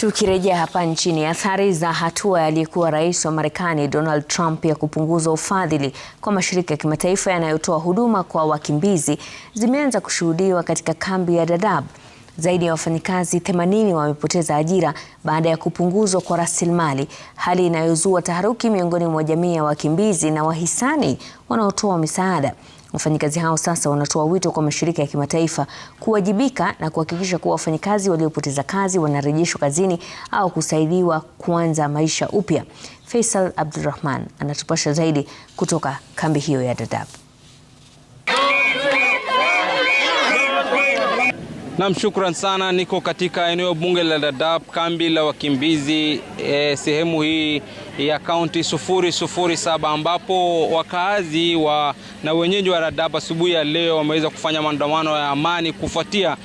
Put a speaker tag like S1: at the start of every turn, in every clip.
S1: Tukirejea hapa nchini, athari za hatua ya aliyekuwa rais wa Marekani Donald Trump ya kupunguza ufadhili kwa mashirika ya kimataifa yanayotoa huduma kwa wakimbizi zimeanza kushuhudiwa katika kambi ya Dadaab. Zaidi ya wafanyikazi 80 wamepoteza ajira baada ya kupunguzwa kwa rasilimali, hali inayozua taharuki miongoni mwa jamii ya wakimbizi na wahisani wanaotoa misaada. Wafanyikazi hao sasa wanatoa wito kwa mashirika ya kimataifa kuwajibika na kuhakikisha kuwa wafanyikazi waliopoteza kazi wanarejeshwa kazini au kusaidiwa kuanza maisha upya. Faisal Abdulrahman anatupasha zaidi kutoka kambi hiyo ya Dadaab.
S2: Nam, shukran sana. Niko katika eneo bunge la Dadaab, kambi la wakimbizi e, sehemu hii ya kaunti saba ambapo wakaazi wa na wenyeji wa Dadaab asubuhi ya leo wameweza kufanya maandamano ya amani kufuatia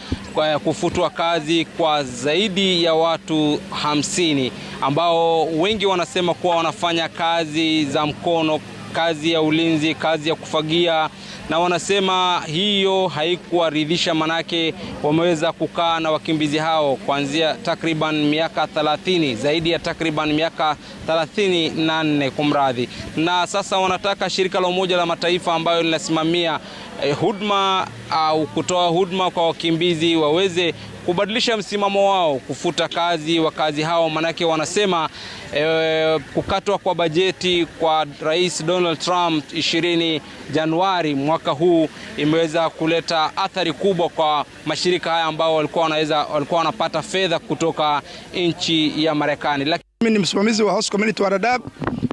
S2: kufutwa kazi kwa zaidi ya watu hamsini ambao wengi wanasema kuwa wanafanya kazi za mkono, kazi ya ulinzi, kazi ya kufagia na wanasema hiyo haikuwaridhisha, manake wameweza kukaa na wakimbizi hao kuanzia takriban miaka 30, zaidi ya takriban miaka 34 kumradhi. Na sasa wanataka shirika la Umoja la Mataifa ambayo linasimamia eh, huduma au kutoa huduma kwa wakimbizi waweze kubadilisha msimamo wao, kufuta kazi wakazi hao, manake wanasema e, kukatwa kwa bajeti kwa Rais Donald Trump 20 Januari mwaka huu imeweza kuleta athari kubwa kwa mashirika haya ambao walikuwa wanaweza walikuwa wanapata fedha kutoka nchi ya Marekani.
S3: Lakini mimi ni msimamizi wa House Committee wa Dadaab.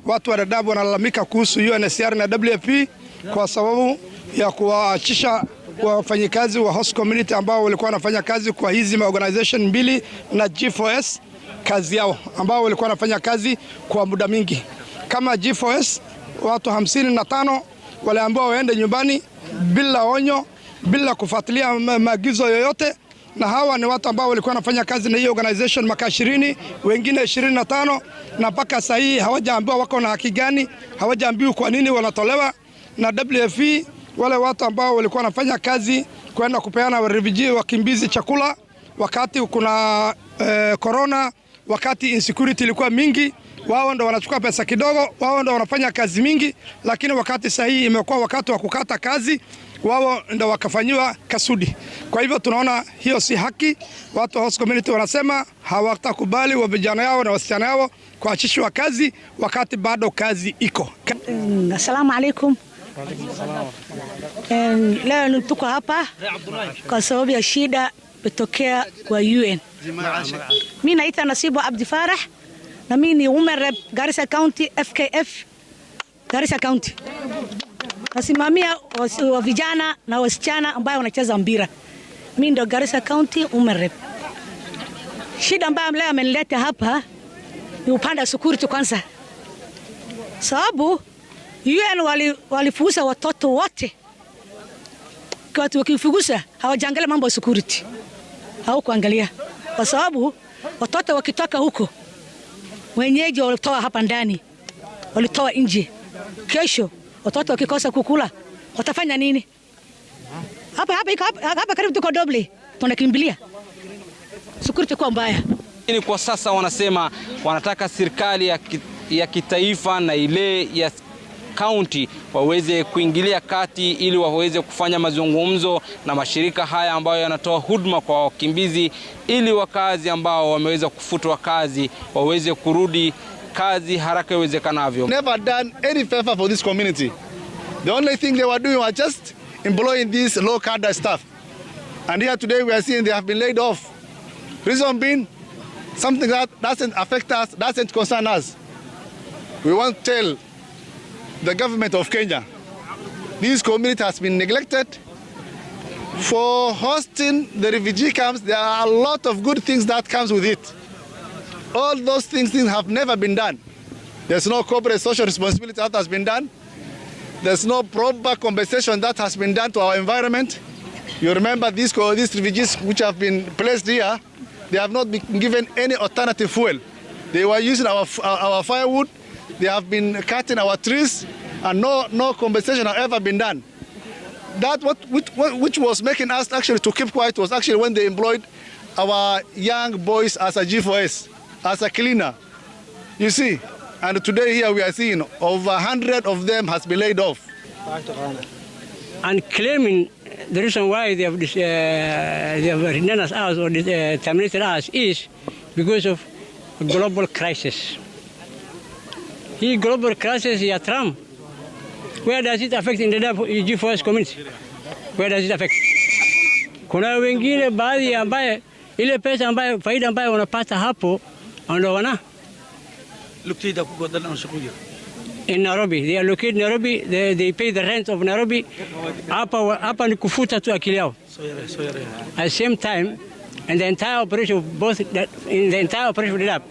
S3: Watu wa Dadaab wanalalamika kuhusu UNHCR na WFP kwa sababu ya kuwaachisha wafanyikazi wa host community ambao walikuwa wanafanya kazi kwa hizi organization mbili na G4S, kazi yao ambao walikuwa wanafanya kazi kwa muda mingi. Kama G4S, watu hamsini na tano waliambiwa waende nyumbani bila onyo, bila kufuatilia maagizo yoyote na hawa ni watu ambao walikuwa wanafanya kazi na hii organization maka 20 wengine 25, na mpaka sasa hii hawajaambiwa wako na haki gani, hawajaambiwa kwa nini wanatolewa na WFP. E wale watu ambao walikuwa wanafanya kazi kwenda kupeana refugee wakimbizi chakula wakati kuna korona eh, wakati insecurity ilikuwa mingi, wao ndo wanachukua pesa kidogo, wao ndo wanafanya kazi mingi, lakini wakati sahihi imekuwa wakati wa kukata kazi, wao ndo wakafanyiwa kasudi. Kwa hivyo tunaona hiyo si haki. Watu wa host community wanasema hawatakubali wa vijana yao na wasichana yao kuachishwa kazi wakati bado kazi iko.
S4: Asalamu alaikum. Leo tuko hapa kwa sababu ya shida imetokea kwa UN. Mimi naitwa Nasibu Abdi Farah na mimi ni woman rep Garissa County FKF Garissa County. Nasimamia wa vijana na wasichana ambao wanacheza mpira. Mimi ndo Garissa County woman rep. Shida ambayo leo amenileta hapa ni upande wa security kwanza, sababu UN walifukuza wali watoto wote, watu wakifukuza hawajangalia mambo ya security au kuangalia, kwa sababu watoto wakitoka huko wenyeji walitoa hapa ndani, walitoa nje. Kesho watoto wakikosa kukula watafanya nini? Hapa, hapa, hapa, hapa karibu tuko Doble tunakimbilia security kwa mbaya.
S2: Kwa sasa wanasema wanataka serikali ya, ki, ya kitaifa na ile ya kaunti waweze kuingilia kati ili waweze kufanya mazungumzo na mashirika haya ambayo yanatoa huduma kwa wakimbizi ili wakazi ambao wameweza kufutwa kazi waweze kurudi kazi haraka iwezekanavyo.
S5: Never done any favor for this community. The only thing they were doing was just employing this low cadre staff. And here today we are seeing they have been laid off. Reason being something that doesn't affect us, doesn't concern us. We won't tell the government of Kenya. This community has been neglected for hosting the refugee camps. There are a lot of good things that comes with it. All those things, things have never been done. There's no corporate social responsibility that has been done. There's no proper compensation that has been done to our environment. You remember these, these refugees which have been placed here, they have not been given any alternative fuel. They were using our, our firewood, they have been cutting our trees and no, no compensation has ever been done. That what, which, which was making us actually to keep quiet was actually when they employed our young boys as a G4S, as a cleaner. You see, and today here we are seeing over 100 of them has been laid off.
S6: And claiming the reason why they have, uh, they have renounced us or uh, terminated us is because of global crisis. he global crisis ya Trump, where does it affect in the g 4 community? Where does it affect? Kuna wengine baadhi ambaye ile pesa ambaye faida ambaye wanapata hapo ndio wana in Nairobi. They are located in Nairobi. They, they pay the rent of Nairobi. Hapa hapa ni kufuta tu akili yao. At the same time, and the entire operation of both, in the entire operation of the lab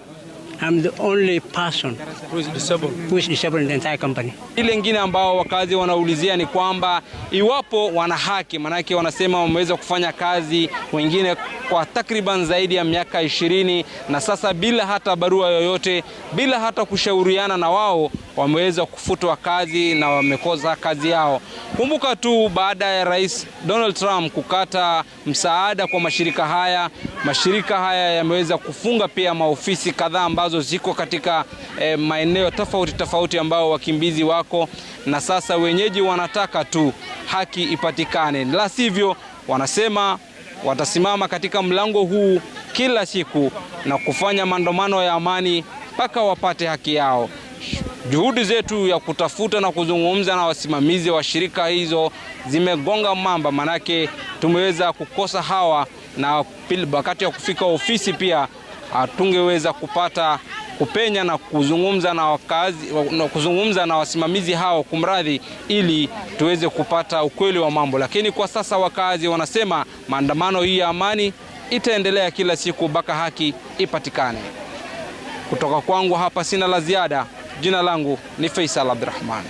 S6: I'm the only person
S7: who is disabled, who
S6: is disabled in the entire company.
S2: Ile ingine ambao wakazi wanaulizia ni kwamba iwapo wana haki, maanake wanasema wameweza kufanya kazi wengine kwa takriban zaidi ya miaka ishirini na sasa bila hata barua yoyote, bila hata kushauriana na wao, wameweza kufutwa kazi na wamekosa kazi yao. Kumbuka tu baada ya Rais Donald Trump kukata msaada kwa mashirika haya, mashirika haya yameweza kufunga pia maofisi kadhaa ambazo ziko katika eh, maeneo tofauti tofauti ambao wakimbizi wako, na sasa wenyeji wanataka tu haki ipatikane, la sivyo wanasema watasimama katika mlango huu kila siku na kufanya maandamano ya amani mpaka wapate haki yao. Juhudi zetu ya kutafuta na kuzungumza na wasimamizi wa shirika hizo zimegonga mamba, manake tumeweza kukosa hawa, na wakati ya kufika ofisi pia hatungeweza kupata kupenya na kuzungumza na wakazi, na kuzungumza na wasimamizi hao kumradhi, ili tuweze kupata ukweli wa mambo. Lakini kwa sasa wakazi wanasema maandamano hii ya amani itaendelea kila siku mpaka haki ipatikane. Kutoka kwangu hapa sina la ziada. Jina langu ni Faisal Abdurrahman.